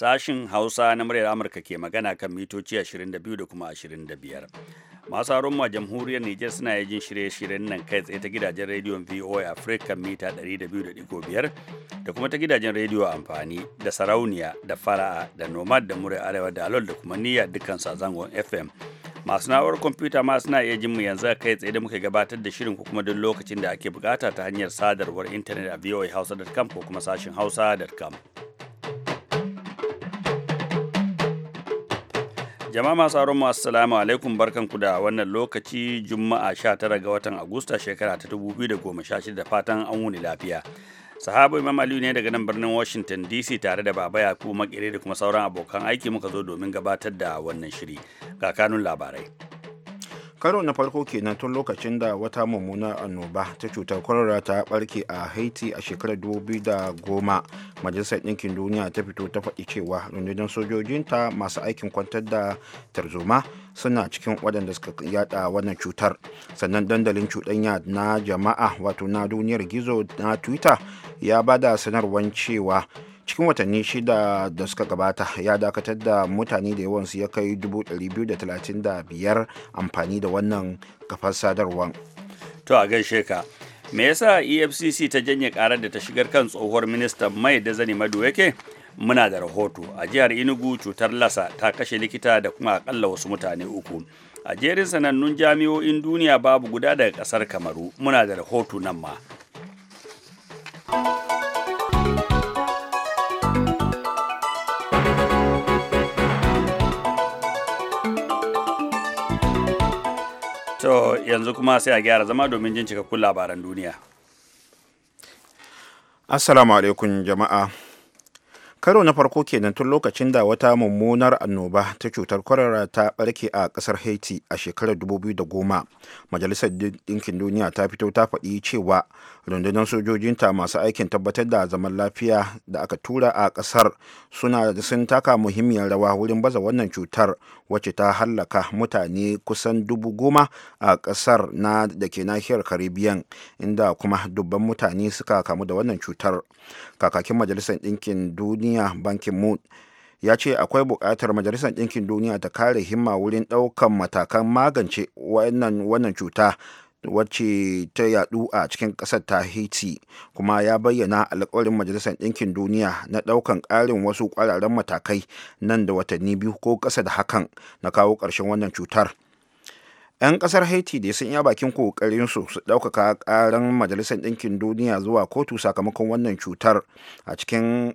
Sashin Hausa na muryar Amurka ke magana kan mitoci 22 da kuma 25. Masu haron ma jamhuriyar Nijar suna yajin shirye-shiryen nan kai tsaye ta gidajen rediyon VOA Africa mita 200.5 da kuma ta gidajen rediyo amfani da sarauniya da fara'a da nomad da muryar arewa da alol da kuma niyya dukkan zangon FM. Masu na'urar kwamfuta ma suna iya jin mu yanzu kai tsaye da muka gabatar da shirin ko kuma duk lokacin da ake bukata ta hanyar sadarwar intanet a voahausa.com ko kuma sashin hausa.com. Jama'a masu aron masu salamu alaikum barkanku da wannan lokaci Juma'a 19 ga watan Agusta shekara ta 2016 da fatan an wuni lafiya. Sahabu Imam Aliyu ne daga nan birnin Washington DC tare da Baba Yakubu Makere da kuma sauran abokan aiki muka zo domin gabatar da wannan shiri. Ga kanun labarai. karo na farko kenan tun lokacin da wata mummunar annoba ta cutar kwarara ta barke a haiti a shekarar 2010 majalisar ɗinkin duniya ta fito ta faɗi cewa rundunar sojojinta masu aikin kwantar da tarzoma suna cikin waɗanda suka yada wannan cutar sannan dandalin cuɗanya na jama'a wato na duniyar gizo na twitter ya bada sanarwar cewa cikin watanni shida da suka gabata ya dakatar da mutane da yawansu ya kai 235 amfani da wannan kafar sadarwar to a gaishe ka me yasa efcc ta janye karar da ta shigar kan tsohuwar ministan mai da zani madu yake muna da rahoto a jihar inugu cutar lasa ta kashe likita da kuma akalla wasu mutane uku a jerin sanannun jami'o'in duniya babu guda daga kasar kamaru muna da rahoto nan ma yanzu kuma sai a gyara zama domin jin cikakkun labaran duniya. Assalamu alaikum jama'a. karo na farko kenan tun lokacin da wata mummunar annoba ta cutar kwarara ta barke a kasar haiti a shekarar 2010 majalisar ɗinkin duniya ta fito ta faɗi cewa rundunar sojojinta masu aikin tabbatar da zaman lafiya da aka tura a kasar suna sun taka muhimmiyar rawa wurin baza wannan cutar wacce ta hallaka mutane kusan dubu goma a kasar na da ke nahiyar karibiyan inda kuma dubban mutane suka kamu da wannan cutar kakakin majalisar ɗinkin duniya duniya bankin moon ya ce akwai buƙatar majalisar ɗinkin duniya ta kare himma wurin ɗaukan matakan magance wannan cuta wacce ta yadu a cikin ƙasar ta haiti kuma ya bayyana alƙawarin majalisar ɗinkin duniya na ɗaukan ƙarin wasu ƙwararren matakai nan da watanni biyu ko ƙasa da hakan na kawo ƙarshen wannan cutar 'yan kasar haiti dai sun iya bakin kokarinsu su su daukaka karan majalisar ɗinkin duniya zuwa kotu sakamakon wannan cutar a cikin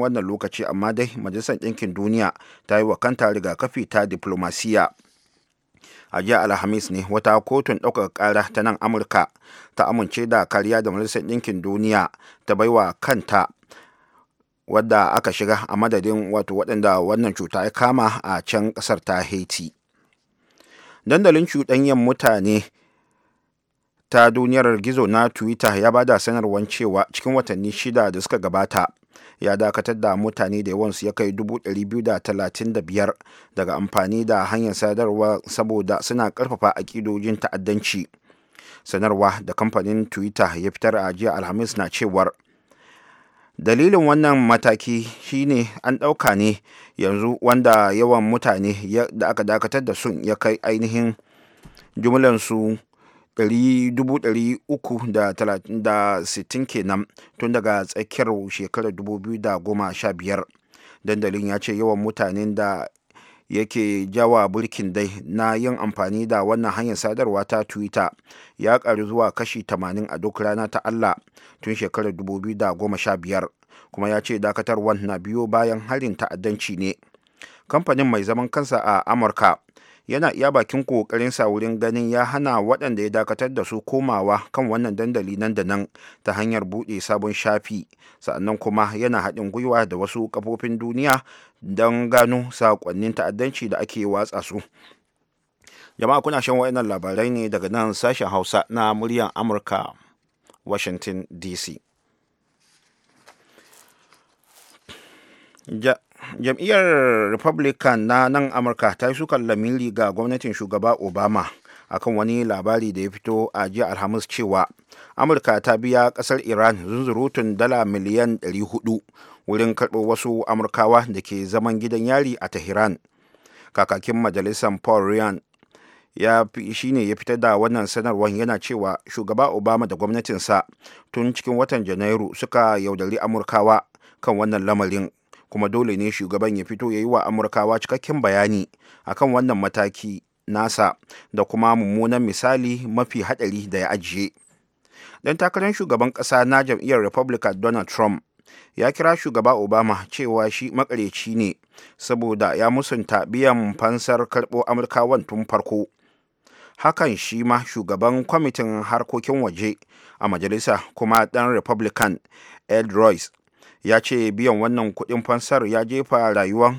wannan lokaci amma dai majalisar ɗinkin duniya ta yi wa kanta rigakafi ta diplomasiya a jiya alhamis ne wata kotun ɗaukaka kara ta nan amurka ta amince da kariya da majalisar ɗinkin duniya ta baiwa kanta wadda aka shiga a madadin wato waɗanda wannan cuta ya kama a can ƙasar ta haiti dandalin cuɗanyen mutane ta duniyar gizo na twitter ya bada sanarwar cewa cikin watanni shida da suka gabata ya dakatar da mutane da yawansu ya kai 235 daga amfani da hanyar sadarwa saboda suna karfafa aƙidojin ta'addanci sanarwa da kamfanin twitter ya fitar a jiya alhamis na cewar dalilin wannan mataki shine an ɗauka ne yanzu wanda yawan mutane da aka dakatar da sun ya kai ainihin jumlansu 360 kenan tun daga tsakiyar shekarar 2015 dandalin ya ce yawan mutanen da yake jawa burkin dai na yin amfani da wannan hanyar sadarwa ta twitter ya karu zuwa kashi 80 a duk rana ta allah tun shekarar 2015 kuma ya ce dakatarwan na biyo bayan harin ta'addanci ne kamfanin mai zaman kansa a amurka yana iya bakin sa wurin ganin ya hana waɗanda ya dakatar da su komawa kan wannan dandali nan da nan ta hanyar buɗe sabon shafi sannan kuma yana haɗin gwiwa da wasu kafofin duniya don gano sakonnin ta'addanci da ake watsa su jama'a kuna shan wayannan labarai ne daga nan sashen hausa na muryar amurka washington dc ja, jam'iyyar republican na nan amurka ta yi sukan lamiri ga gwamnatin shugaba obama akan wani labari da ya fito a jiya alhamis cewa amurka ta biya kasar iran zunzurutun dala miliyan 400 wurin karɓo wasu amurkawa da ke zaman gidan yari a tehran kakakin majalisar paul ryan ya shi ne ya fitar da wannan sanarwar yana cewa shugaba obama da gwamnatinsa tun cikin watan janairu suka yaudari amurkawa kan wannan lamarin kuma dole ne shugaban ya fito ya yi wa amurkawa cikakken bayani akan wannan mataki nasa da kuma mummunan misali mafi hadari da ya ajiye dan takarar shugaban kasa na jam'iyyar republican donald trump ya kira shugaba obama cewa shi makareci ne saboda ya musunta biyan fansar karɓo amurkawan tun farko hakan shi ma shugaban kwamitin harkokin waje a majalisa kuma dan republican ed royce ya ce biyan wannan kudin fansar ya jefa rayuwar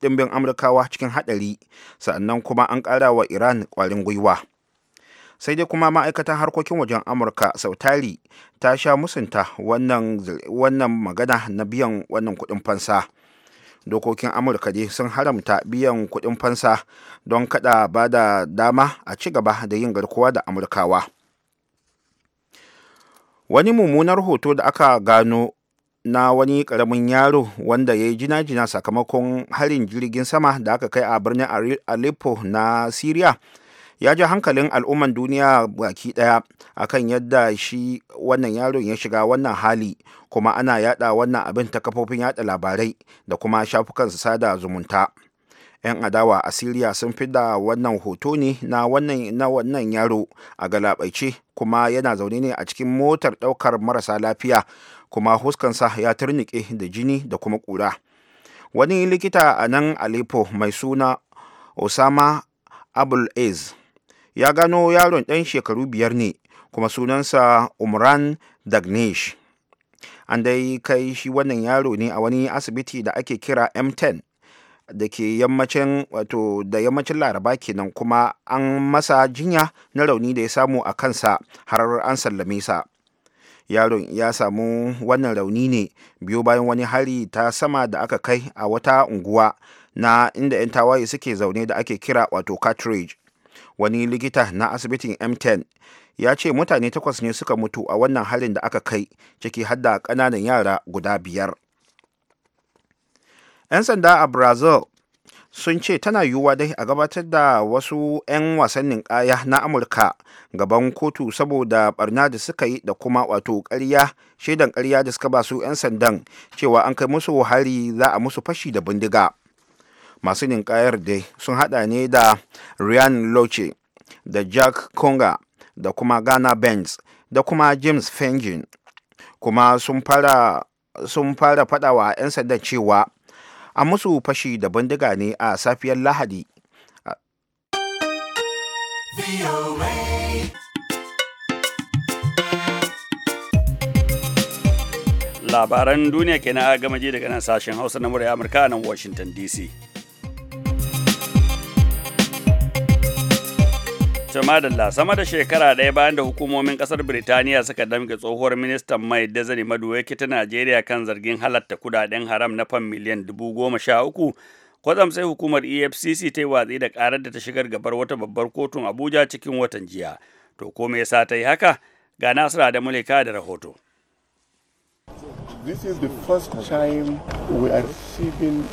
dimbin amurkawa cikin hadari sannan kuma an ƙara wa iran kwarin gwiwa sai dai kuma ma'aikatan harkokin wajen amurka sautari ta sha musunta wannan magana na biyan wannan kudin fansa dokokin amurka dai sun haramta biyan kudin fansa don kada ba da dama a ci gaba da yin garkuwa da amurkawa wani mummunar hoto da aka gano na wani karamin yaro wanda ya yi jina-jina sakamakon harin jirgin sama da aka kai a birnin Aleppo na Syria ya ji hankalin al'umman duniya baki daya akan yadda shi wannan yaron ya shiga wannan hali kuma ana yada wannan abin ta kafofin yada labarai da kuma shafukan sada zumunta 'yan adawa a siriya sun da wannan hoto ne na wannan na wannan yaro a galabaice kuma yana zaune ne a cikin motar daukar marasa lafiya kuma huskansa ya turnike da jini da kuma kura wani likita a nan aleppo mai suna osama abul aziz ya gano yaron ɗan shekaru biyar ne kuma sunansa umran dagnish an dai kai shi wannan yaro ne a wani asibiti da ake kira m10 da ke yammacin wato da yammacin laraba kenan kuma an masa jinya na rauni da ya samu a kansa har an sallame sa yaron ya samu wannan rauni ne biyo bayan wani hari ta sama da aka kai a wata unguwa na inda 'yan tawaye suke zaune da ake kira wato cartridge wani likita na asibitin m10 ya ce mutane takwas ne suka mutu a wannan harin da aka kai ciki hadda kananan yara guda biyar 'yan sanda a brazil sun ce tana yiwuwa dai a gabatar da wasu 'yan wasannin kaya na amurka gaban kotu saboda barna da suka yi da kuma wato karya shaidan karya da suka ba su 'yan sandan cewa an kai musu hari za a musu fashi da bindiga masu ninkayar dai sun hada ne da ryan loche da jack conga da kuma ghana benz da kuma james fengin kuma sun fara fada wa 'yan sanda cewa a musu fashi da bindiga ne a safiyar lahadi labaran duniya kenan a gamaje daga nan sashen hausa na murya amurka nan washington dc madalla sama da shekara ɗaya bayan da hukumomin ƙasar Birtaniya suka damke tsohuwar ministan mai Dazani Maduweke ta Najeriya kan zargin halatta kudaden haram na fan miliyan dubu goma sha uku. Kwatsam sai hukumar EFCC ta yi watsi da ƙarar da ta shigar gabar wata babbar kotun Abuja cikin watan jiya. To ko me yasa ta yi haka? Ga Nasira da Mulika da rahoto. This is the first time we are receiving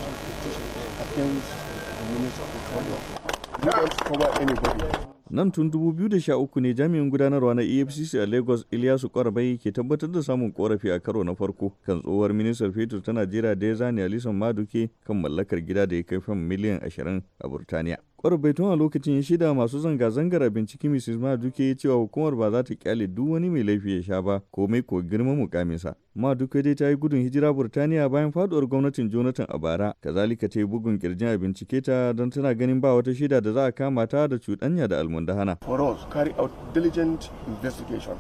against the Minister of Not cover anybody. nan tun 2013 ne jami'in gudanarwa na efcc a lagos ilyasu kwarabai ke tabbatar da samun korafi a karo na farko kan tsohuwar ministan fetur ta najeriya da ya zane alisan maduke kan mallakar gida da ya kai fam miliyan 20 a burtaniya ƙwararrai a lokacin ya shida masu zanga-zangar a binciki mrs maduke ya cewa hukumar ba za ta kyale duk wani mai laifi ya sha ba komai ko girman mukaminsa maduke dai ta yi gudun hijira burtaniya bayan faduwar gwamnatin jonathan a bara kazalika ta yi bugun kirjin a bincike ta don tana ganin ba wata shida da za a kama ta da cuɗanya da almundahana for us carry out diligent investigation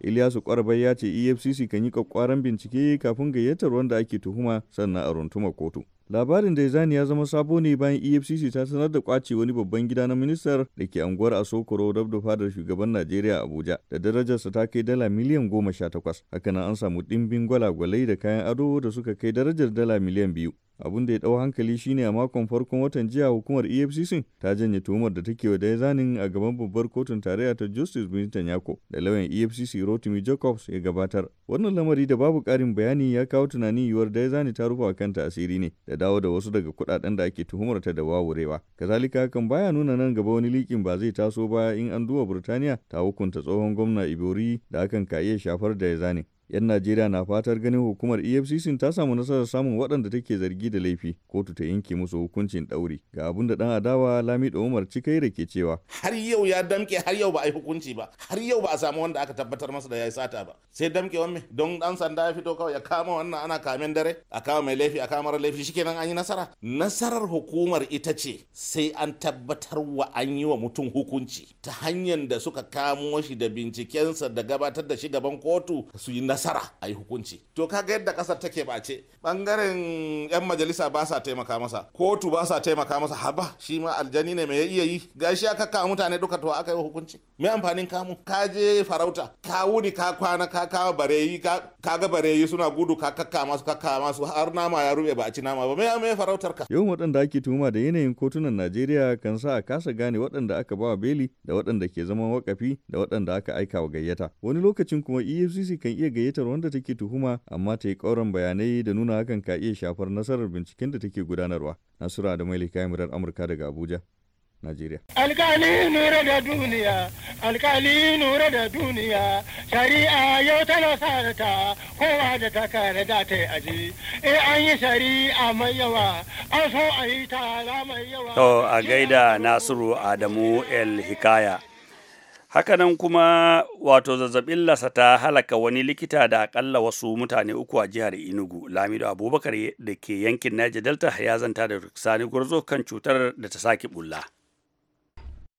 Ilyasu ƙwarbai ya ce EFCC kan yi kwakwaran bincike kafin gayyatar wanda ake tuhuma sannan a runtuma kotu. Labarin da zani ya zama sabo ne bayan EFCC ta sanar da kwace wani babban gida na ministar da ke anguwar Asokoro dab da fadar shugaban Najeriya Abuja da darajarsa ta kai dala miliyan goma sha takwas. Hakanan an samu ɗimbin gwalagwalai da kayan ado da suka kai darajar dala miliyan biyu. abin da ya dau hankali shine a makon farkon watan jiya hukumar efcc ta janye tuhumar da take wa zanin a gaban babbar kotun tarayya ta justice bintan yako da lauyan efcc rotimi jacobs ya gabatar wannan lamari da babu karin bayani ya kawo tunanin yiwuwar zani ta rufa kanta asiri ne da dawo da wasu daga kudaden da ake tuhumar ta da wawurewa kazalika hakan baya nuna nan gaba wani likin ba zai taso ba in an duba burtaniya ta hukunta tsohon gwamna ibori da hakan ka iya shafar da zanin 'yan najeriya na fatar ganin hukumar efcc ta samu nasarar samun waɗanda take zargi da laifi kotu ta yanke musu hukuncin ɗauri ga abin da ɗan adawa lami da umar cikai da ke cewa har yau ya damke har yau ba a yi hukunci ba har yau ba a samu wanda aka tabbatar masa da ya yi sata ba sai damke wani don ɗan sanda ya fito kawai ya kama wannan ana kamen dare a kama mai laifi a kama mara laifi shikenan an yi nasara nasarar hukumar ita ce sai an tabbatar wa an yi wa mutum hukunci ta hanyar da suka kamo shi da bincikensa da gabatar da shi gaban kotu su yi nasara a yi hukunci to kaga yadda kasar take bace bangaren yan majalisa ba sa taimaka masa kotu ba sa taimaka masa haba shi ma aljani ne mai iya yi gashi aka kama mutane duka to aka yi hukunci me amfanin kamu ka je farauta ka wuni ka kwana ka kawo bareyi ka ga bareyi suna gudu ka kakka masu kakka masu har nama ya rube ba a ci nama ba me me farautar ka yawan waɗanda ake tuhuma da yanayin kotunan Najeriya kan sa a kasa gane waɗanda aka ba beli da waɗanda ke zaman wakafi da waɗanda aka aika wa gayyata wani lokacin kuma EFCC kan iya gayyata gayyatar wanda take tuhuma amma ta yi ƙauran bayanai da nuna hakan ka iya shafar nasarar binciken da take gudanarwa. Nasura da mai kayan murar Amurka daga Abuja. Najeriya. Alkali nura da duniya, alkali nura da duniya, shari'a yau tana sarata kowa da ta kare da ta aji. E an yi shari'a mai yawa, an so a yi tara mai yawa. To a gaida Nasiru Adamu El Hikaya. hakanan kuma wato zazzabin lasa ta halaka wani likita da akalla wasu mutane uku a jihar inugu lamido abubakar da ke yankin niger delta ya zanta da sani gurzo kan cutar da ta sake bulla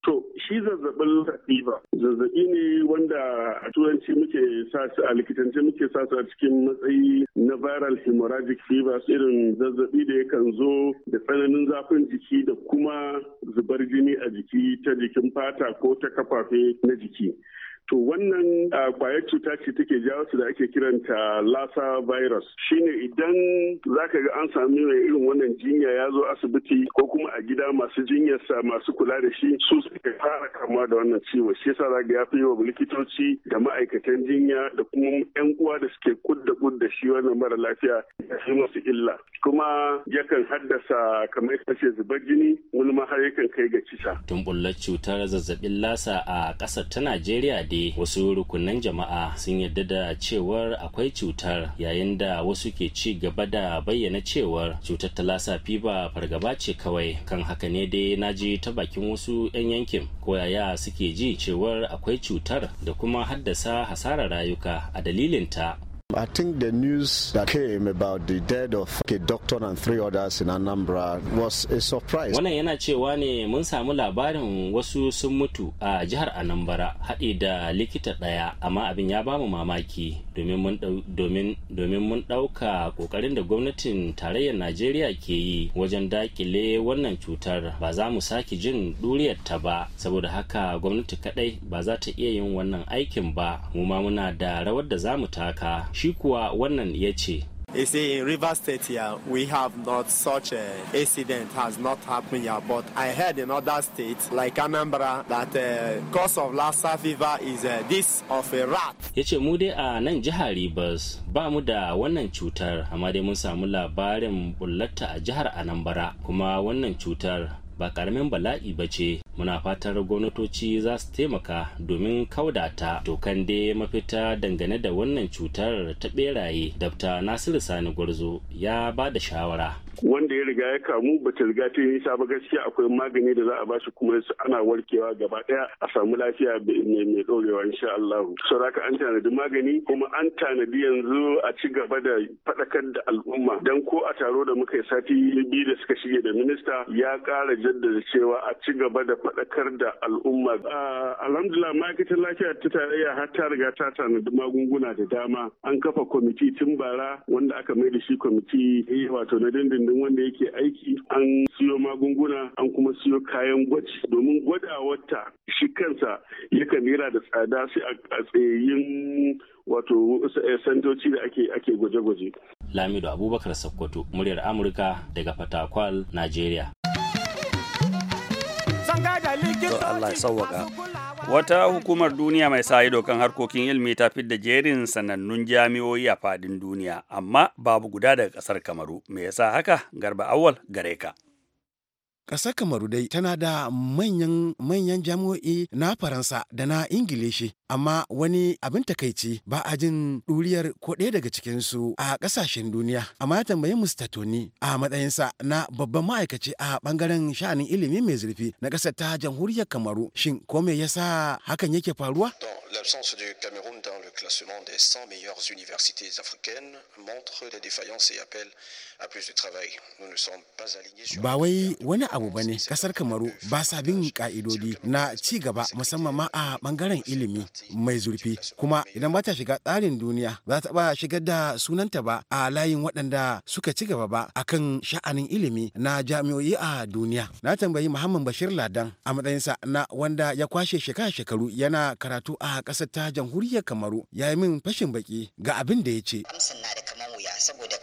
To, shi zazzabin fever zazzabi ne wanda a turanci muke sa su a likitance muke sa su a cikin matsayi na viral hemorrhagic fever irin zazzabi da yakan zo da tsananin zafin jiki da kuma zubar jini a jiki ta jikin fata ko ta kafafe na jiki. To wannan kwayar cuta ce take jawo su da ake kiranta lasa virus. Shine idan za ka ga an sami mai irin wannan jinya ya zo asibiti ko kuma a gida masu jinyarsa masu kula da shi su suka fara kama da wannan ciwo. Shi yasa zaka ya fi wa likitoci da ma'aikatan jinya da kuma yan uwa da suke kudda kudda shi wannan mara lafiya ya masu illa. Kuma yakan haddasa kamar kashe zubar jini wani ma har yakan kai ga cisa Tumbullar cutar zazzabin lasa a ƙasar ta Najeriya dai wasu rukunan jama'a sun yarda da cewar akwai cutar yayin da wasu ke ci gaba da bayyana cewar cutar ta lasa fiba fargaba ce kawai kan haka ne dai na ji ta bakin wasu 'yan yankin ko yaya suke ji cewar akwai cutar da kuma haddasa hasarar rayuka a dalilinta I think the news that came about the death of a doctor and three others in Anambra was a surprise. Wannan yana cewa ne mun samu labarin wasu sun mutu a jihar Anambra haɗe da likita ɗaya amma abin ya bamu mamaki domin mun ɗauka ƙoƙarin da gwamnatin tarayyar Najeriya ke yi wajen dakile wannan cutar ba za mu sake jin ta ba saboda haka gwamnati kaɗai ba za ta iya yin wannan aikin ba mu ma muna da rawar da za mu taka shi kuwa wannan ya ce You in River State here, we have not such a incident has not happened here. But I heard in other states, like Anambra, that uh, cause of Lassa fever is uh, this of a rat. Ya ce mu dai a nan jihar Rivers ba mu da wannan cutar, amma dai mun samu labarin bullata a jihar Anambra, kuma wannan cutar ba karamin bala'i ba ce muna fatar gwamnatoci za su taimaka domin kauda ta dokan mafita dangane da wannan cutar ta beraye dabta nasiru sani gwarzo ya ba da shawara wanda ya riga ya kamu ba ta riga ta yi ba gaskiya akwai magani da za a bashi kuma ana warkewa gaba daya a samu lafiya mai dorewa insha Allah saboda an tanadi magani kuma an tanadi yanzu a ci gaba da faɗakar da al'umma dan ko a taro da muka yi sati biyu da suka shige da minista ya ƙara jaddada cewa a ci gaba da faɗakar da al'umma. Alhamdulillah ma'aikatar lafiya ta tarayya har ta riga ta tanadi magunguna da dama. An kafa kwamiti tun bara wanda aka mai da shi kwamiti eh, wato na dindindin wanda yake aiki an siyo magunguna an kuma siyo kayan gwaji domin gwadawarta shi kansa yakan nira da tsada sai a tsayayin wato eh, santoci da ake ake gwaje-gwaje. Lamido Abubakar Sokoto, muryar Amurka daga Fatakwal, Najeriya. Allah sauwaka wata hukumar duniya mai sa ido kan harkokin ilimi ta fidda jerin sanannun jami'oyi a fadin duniya amma babu guda daga ƙasar kamaru me yasa haka garba awwal gare ka Ƙasar Kamaru dai tana da manyan manyan jami'o'i na Faransa da na Ingilishi, amma wani abin takaici ba a jin ɗuriyar ko ɗaya daga cikinsu a ƙasashen duniya. Amma ya tambayi toni a matsayinsa na babban ma'aikaci a ɓangaren sha'anin ilimi mai zurfi na ƙasar ta jamhuriyar Kamaru. Shin ko me yasa hakan yake faruwa? L'absence du Cameroun dans le classement des 100 meilleures universités africaines montre les défaillances et appelle Ba wai wani abu ba ne ƙasar Kamaru ba sa bin ka'idodi na ci gaba musamman ma a ɓangaren ilimi mai zurfi kuma idan ba ta shiga tsarin duniya za ta ba shigar da sunanta ba a layin waɗanda suka ci gaba ba a kan sha'anin ilimi na jami'o'i a duniya. Na tambayi Muhammad Bashir Ladan a matsayinsa na wanda ya kwashe shekara shekaru yana karatu a ƙasar ta jamhuriyar Kamaru ya yi min fashin baki ga abin da ya ce. Amsan na da kamar wuya saboda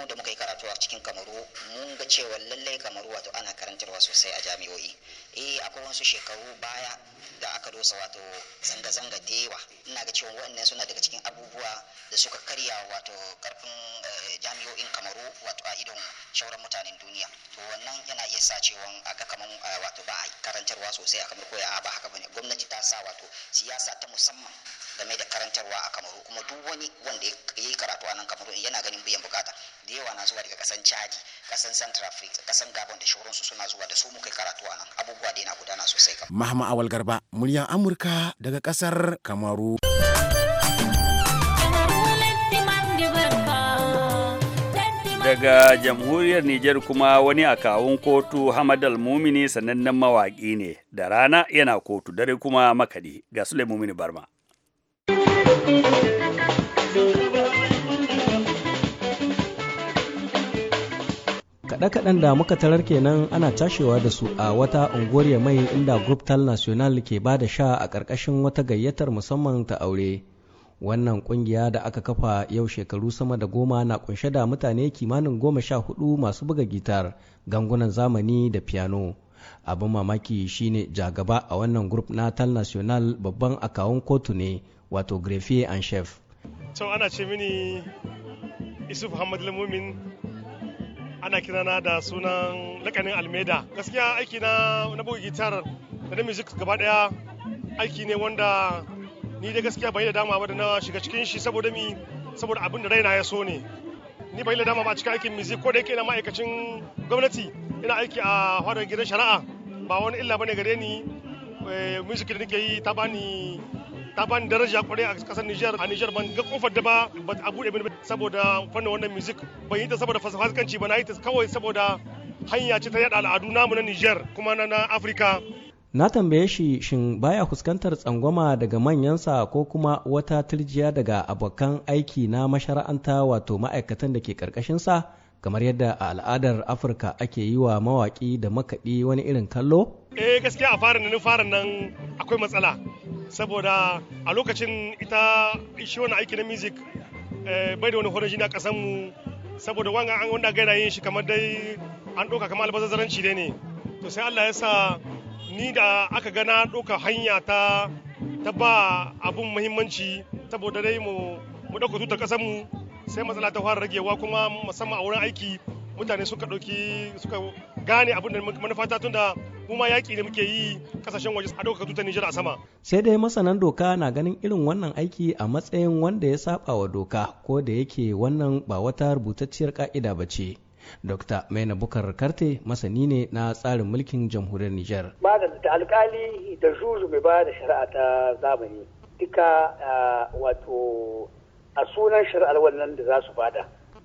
mu da muka yi karatu a cikin kamaru mun ga cewa lallai kamaru wato ana karantarwa sosai a jami'o'i eh akwai wasu shekaru baya da aka dosa wato zanga-zanga da yawa ina ga cewa waɗannan suna daga cikin abubuwa da suka karya wato karfin eh, jami'o'in kamaru wato a idon shauran mutanen duniya to wannan yana iya sa cewa a ga kaman eh, wato ba a karantarwa sosai a kamar koya a ba haka bane gwamnati ta sa wato siyasa ta musamman game da karantarwa a kamaru kuma duk wani wanda ya yi karatu a nan kamaru yana ganin biyan bukata da yawa na zuwa daga kasan chadi kasan central africa kasan gabon da shauransu suna zuwa da su kai karatu a nan abubuwa dai na gudana sosai kamar mahama awal garba muryar Amurka daga ƙasar Kamaru. daga jamhuriyar Nijar kuma wani a kawun kotu Hamad Al-Mumini sanannen mawaƙi ne da rana yana kotu dare kuma makadi ga Sule Barma. kaɗe-kaɗen da muka tarar kenan ana tashewa da su a wata unguwar mai inda tal national ke ba da sha a ƙarƙashin wata gayyatar musamman ta aure wannan ƙungiya da aka kafa yau shekaru sama da goma na kunshe da mutane kimanin goma sha hudu masu buga gitar gangunan zamani da piano abin mamaki shine jagaba a wannan group na tal national babban akawun kotu ne wato grefier and chef ana kirana da sunan lakanin almeda gaskiya aiki na na buga gitar da na music gaba daya aiki ne wanda ni da gaskiya bai da dama ba da na shiga cikin shi saboda mi saboda abin da raina ya so ne ni bai da dama ba cikin aikin music ko da yake ina ma'aikacin gwamnati ina aiki a hadar gidan shari'a ba wani illa bane gare ni eh, music da nake yi ta bani ta bani daraja kwarai a kasar niger a niger ban ga kofar da ba a bude mini saboda fannin wannan music ban yi ta saboda fasahaskanci ba na yi ta kawai saboda hanya ce ta yada al'adu namu na niger kuma na na Afirka na tambaye shi shin baya fuskantar tsangwama daga manyansa ko kuma wata tirjiya daga abokan aiki na mashara'anta wato ma'aikatan da ke karkashinsa kamar yadda a al'adar afirka ake yi wa mawaƙi da makaɗi wani irin kallo? eh gaskiya a farin nan farin nan akwai matsala saboda a lokacin ita shi wani aiki na music eh, bai da wani horon jini a mu saboda wanga an wanda gaira yin shi kamar dai an ɗauka kamar albazazzaranci ne to sai allah ya sa ni da aka gana ɗauka hanya ta ta ba abun muhimmanci saboda dai mu mu ɗauka tutar mu sai matsala ta fara ragewa kuma musamman a wurin aiki mutane suka ɗauki suka gane abin da manufata tun da kuma yaƙi da muke yi kasashen waje a ɗaukaka tutar Nijar a sama. Sai dai masanan doka na ganin irin wannan aiki a matsayin wanda ya saba wa doka ko da yake wannan ba wata rubutacciyar ka'ida ba ce. Dr. Maina Bukar Karte masani ne na tsarin mulkin jamhuriyar Nijar. Ba da alƙali da juju mai ba da shari'a ta zamani duka ah, wato a sunan shari'ar wannan da za su bada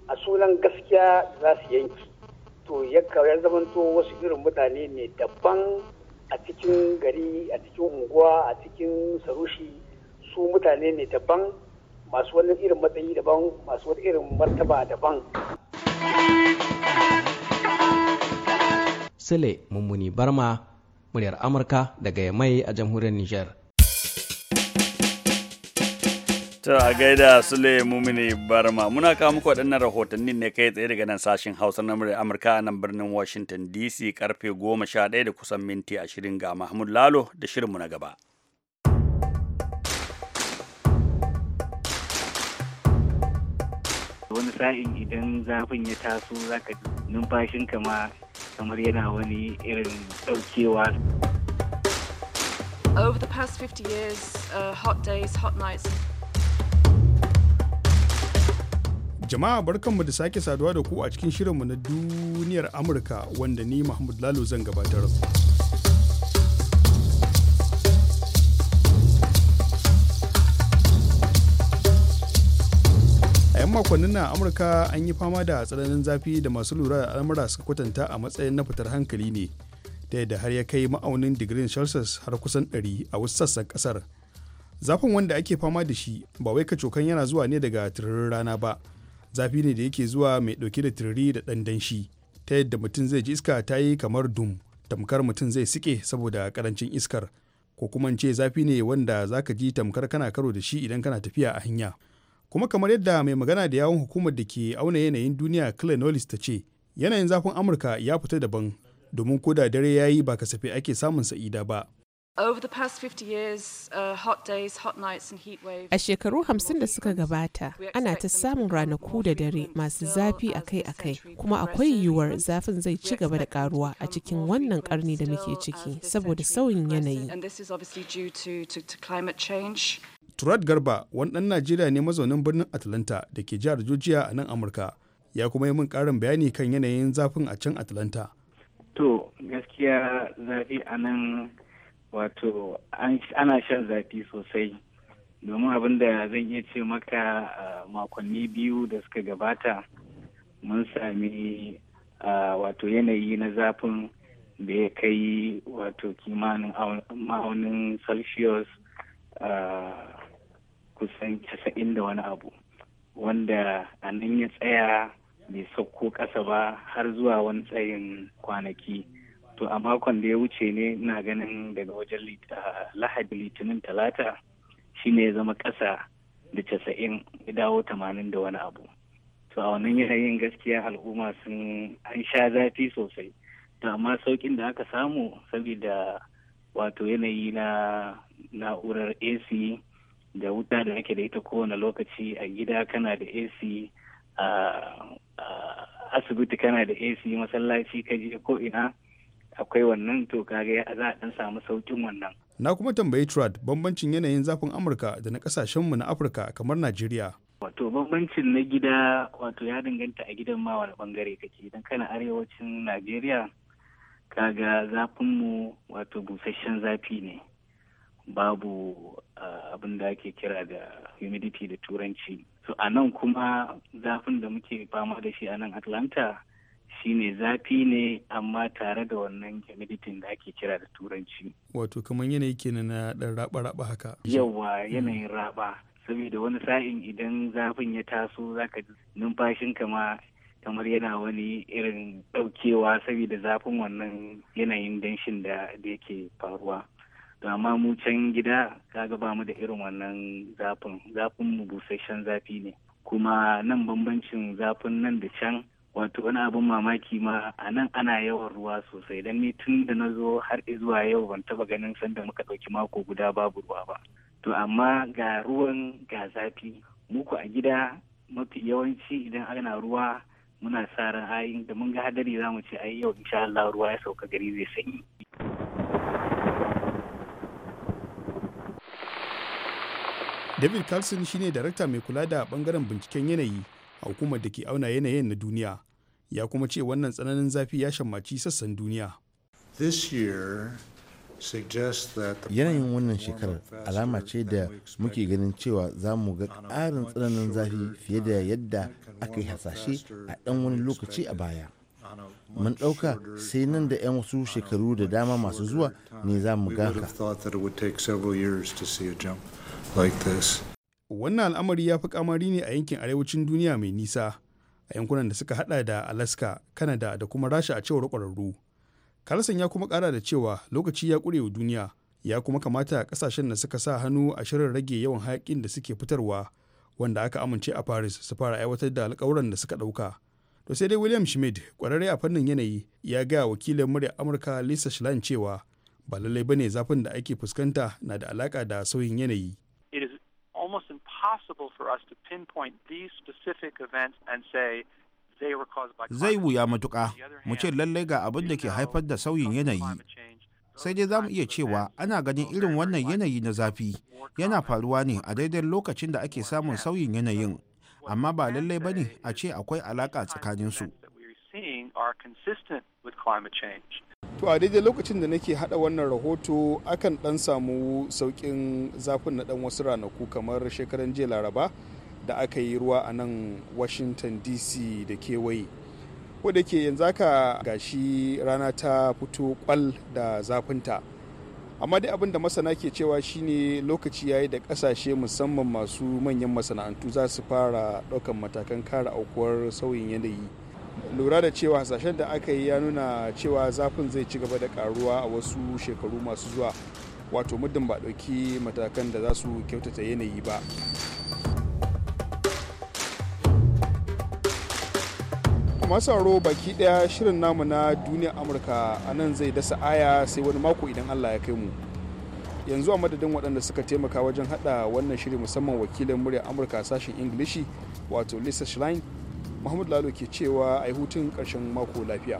a sunan gaskiya za su yanki to ya zamanto wasu irin mutane ne daban a cikin gari a cikin unguwa a cikin sarushi su mutane ne daban masu wani irin matsayi daban masu wani irin martaba daban sile mummuni barma muryar amurka daga yamai a jamhuriyar nijar. ta gaida Sule Mumini Barma muna kawo muku waɗannan rahotannin ne kai tsaye daga nan sashen Hausa na Amurka a nan birnin Washington DC karfe 11 da kusan minti 20 ga Mahmud Lalo da shirinmu na gaba. Wani sa'in idan zafin ya taso za ka numfashin kama kamar yana wani irin ɗaukewa. Over the past 50 years, uh, hot days, hot nights, Jama'a barkanmu da sake saduwa da ku a cikin shirinmu na duniyar Amurka wanda ni Mahmud Lalo zan gabatar. A 'yan makonnin na Amurka an yi fama da tsananin zafi da masu lura da al'amura suka kwatanta a matsayin na fitar hankali ne, ta yadda har ya kai ma'aunin digirin Celsius har kusan 100 a wasu sassan kasar. Zafin wanda ake fama da shi ba wai kacokan yana zuwa ne daga tururin rana ba. zafi ne da yake zuwa mai ɗauke da tiriri da ɗan danshi ta yadda mutum zai ji iska ta yi kamar dum tamkar mutum zai sike saboda karancin iskar ko kuma ce zafi ne wanda zaka ji tamkar kana karo da shi idan kana tafiya a hanya kuma kamar yadda mai magana da yawon hukumar da ke auna yanayin duniya clay knowles ta ce yanayin zafin amurka ya fita daban domin ko da dare ya yi ba kasafe ake samun sa'ida ba Uh, a shekaru hamsin da suka gabata, ana ta samun ranaku da dare masu zafi akai-akai, kuma akwai yiwuwar zafin zai ci gaba da karuwa a cikin wannan karni da muke ciki saboda sauyin yanayi. Turat Garba, wani ɗan Najeriya ne mazaunin birnin Atlanta da ke jihar Georgia a nan Amurka, ya kuma yi min karin bayani kan yanayin zafin a can Atlanta. To, gaskiya zafi a nan wato ana shan zafi sosai domin abin da zan iya ce maka makonni biyu da suka gabata mun sami wato yanayi na zafin da ya kai wato kimanin ma'aunin celsius kusan casa'in da wani abu wanda a nan ya tsaya bai sauko ƙasa ba har zuwa wani tsayin kwanaki to a makon da ya wuce ne na ganin daga wajen lahadi litinin talata shine ya zama ƙasa da casa'in ya dawo tamanin da wani abu to a wannan yanayin gaskiya al'umma sun an sha zafi sosai to amma saukin da aka samu saboda wato yanayi na na'urar ac da wuta da nake da ita kowane lokaci a gida kana da ac a asibiti kana da ac masallaci ka je ko ina akwai wannan to kaga za a dan samu saukin wannan na kuma tambayi trad bambancin yanayin zafin amurka da na mu na afirka kamar najeriya wato bambancin na gida wato ya danganta a gidan ma wani bangare kake idan kana arewacin najeriya kaga zafin mu wato busasshen zafi ne babu abin da ake kira da humidity da turanci so a nan kuma zafin da muke fama da shi a nan atlanta shine zafi ne amma tare da wannan humidity da ake kira da turanci wato kamar yanayi kenan na dan raba-raba haka yawa hmm. yanayin raba saboda wani sa'in idan zafin ya taso zaka ji numfashin kama kamar yana wani irin daukewa saboda zafin wannan yanayin danshin da yake faruwa to amma mu can gida kaga ba mu da irin wannan zafin zafin mu busasshen zafi ne kuma nan bambancin zafin nan da can wato wani abin mamaki ma a nan ana yawan ruwa sosai don ni tun da na zo har zuwa yau ban taba ganin sanda muka ɗauki mako guda babu ruwa ba to amma ga ruwan ga zafi muku a gida mafi yawanci idan ana ruwa muna sa ran ayi da mun ga hadari za mu ce ayi yau insha Allah ruwa ya sauka gari zai sanyi David Carlson shine darakta mai kula da ɓangaren binciken yanayi a hukumar da ke auna yanayin na duniya ya kuma ce wannan tsananin zafi ya shammaci sassan duniya yanayin wannan shekarar alama ce da muke ganin cewa za mu ga ƙarin tsananin zafi fiye da yadda aka yi hasashe a ɗan wani lokaci a baya mun ɗauka sai nan da 'yan wasu shekaru da dama masu zuwa ne za mu gaka wannan al'amari ya fi kamari ne a yankin arewacin duniya mai nisa a yankunan da suka hada da alaska kanada da kuma rasha a cewar kwararru carlson ya kuma kara da cewa lokaci ya kurewa duniya ya kuma kamata kasashen da suka sa hannu a shirin rage yawan hayakin da suke fitarwa wanda aka amince a paris su fara aiwatar da alkawuran da suka ɗauka to sai dai william schmidt kwararre a fannin yanayi ya gaya wakilin murya amurka lisa schlein cewa ba lallai bane zafin da ake fuskanta na da alaƙa da sauyin yanayi impossible for us to pinpoint these specific events and say Zai wuya matuka mu ce lallai ga abin da ke haifar da sauyin yanayi. Sai dai za mu iya cewa ana ganin irin wannan yanayi na zafi yana faruwa ne a daidai lokacin da ake samun sauyin yanayin, amma ba lallai ba ne a ce akwai alaƙa tsakaninsu. to a daidai lokacin da nake hada wannan rahoto akan dan samu saukin zafin na dan wasu ranaku kamar shekaran jiya laraba da aka yi ruwa a nan washington dc da kewaye wadda ke yanzu aka gashi rana ta fito kwal da zafinta amma dai abin da masana ke cewa shine lokaci yayi da kasashe musamman masu manyan masana'antu za su fara daukan matakan kare aukuwar sauyin yanayi lura da cewa hasashen da aka yi ya nuna cewa zafin zai ci gaba da karuwa a wasu shekaru masu zuwa wato muddin ba ɗauki matakan da za su kyautata yanayi ba masaro baki daya shirin namu na duniya amurka a nan zai dasa aya sai wani mako idan allah ya kai mu yanzu a madadin waɗanda suka taimaka wajen hada wannan shiri musamman wakilin muryar amurka sashen ingilishi wato lisa Muhammadu Lalo ke cewa a yi hutun ƙarshen mako lafiya.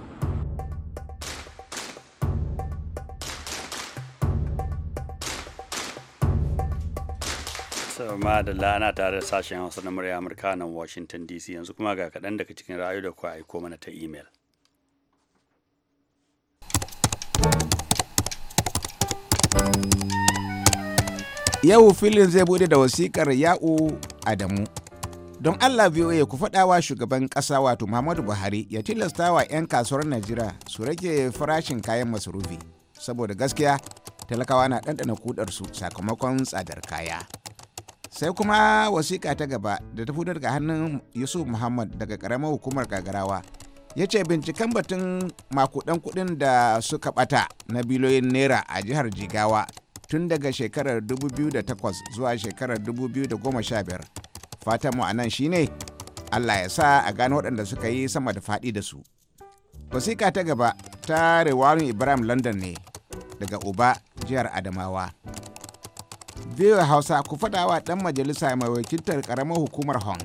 ma da lana tare da sashen hausa na murya amurka nan washington dc yanzu kuma ga kaɗan daga cikin rayu da ku aiko mana ta imel yau filin zai bude da wasikar ya'u adamu don allah voa ku faɗawa shugaban ƙasa wato muhammadu buhari ya tilasta wa 'yan kasuwar najeriya su rage farashin kayan masarufi saboda gaskiya talakawa na ɗanɗana kudarsu sakamakon tsadar kaya sai kuma wasiƙa ta gaba da ta fito daga hannun yusuf muhammad daga ƙaramar hukumar gagarawa ya ce binciken batun makudan kuɗin da suka ɓata na biliyoyin naira a jihar jigawa tun daga shekarar 2008 zuwa shekarar 2015 fatan mu anan shine Allah ya sa a gano waɗanda suka yi sama da faɗi da su wasiƙa ta gaba ta rewarin ibrahim london ne daga uba jihar adamawa biyu hausa ku faɗa wa ɗan majalisa mai wakiltar ƙaramar hukumar hong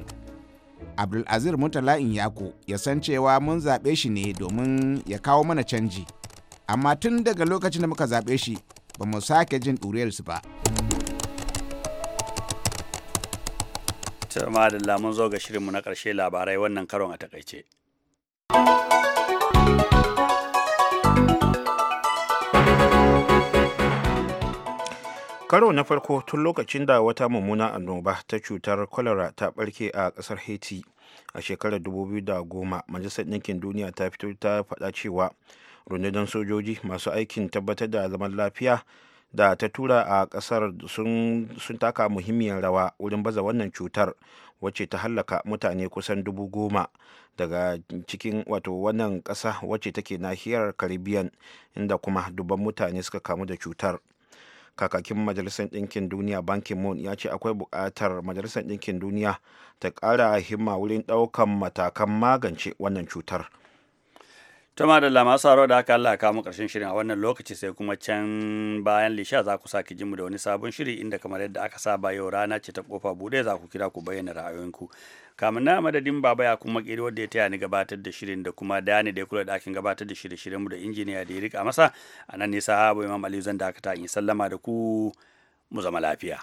abdulazir murtala yako ya san cewa mun zaɓe shi ne domin ya kawo mana canji amma tun daga lokacin da muka zaɓe shi ba mu sake jin ɗuriyarsu ba. Sama da lamun zo ga shirinmu na ƙarshe labarai wannan karon a takaice. Karo na farko tun lokacin da wata mummuna annoba ta cutar kwalara ta ɓarke a ƙasar Haiti a shekarar 2010 Majalisar Ɗinkin Duniya ta fito ta faɗa cewa rundunar sojoji masu aikin tabbatar da zaman lafiya da ta tura a kasar sun taka muhimmiyar rawa wurin baza wannan cutar wacce ta hallaka mutane kusan dubu goma daga cikin wato wannan ƙasa wacce take nahiyar caribbean inda kuma dubban mutane suka kamu da cutar kakakin majalisar ɗinkin duniya bankin moon ya ce akwai buƙatar majalisar ɗinkin duniya ta ƙara himma wurin ɗaukan matakan magance wannan cutar Tama da lama saro da aka Allah kawo karshen shirin a wannan lokaci sai kuma can bayan lisha za ku sake jimu da wani sabon shiri inda kamar yadda aka saba yau rana ce ta kofa bude za ku kira ku bayyana ra'ayoyinku. kamun na madadin baba ya kuma kiri wanda ya taya ni gabatar da shirin da kuma dani da ya kula da akin gabatar da shirye-shiryen mu da injiniya da ya rika masa a nan nisa Habu Imam Aliyu zan dakata in sallama da ku mu zama lafiya.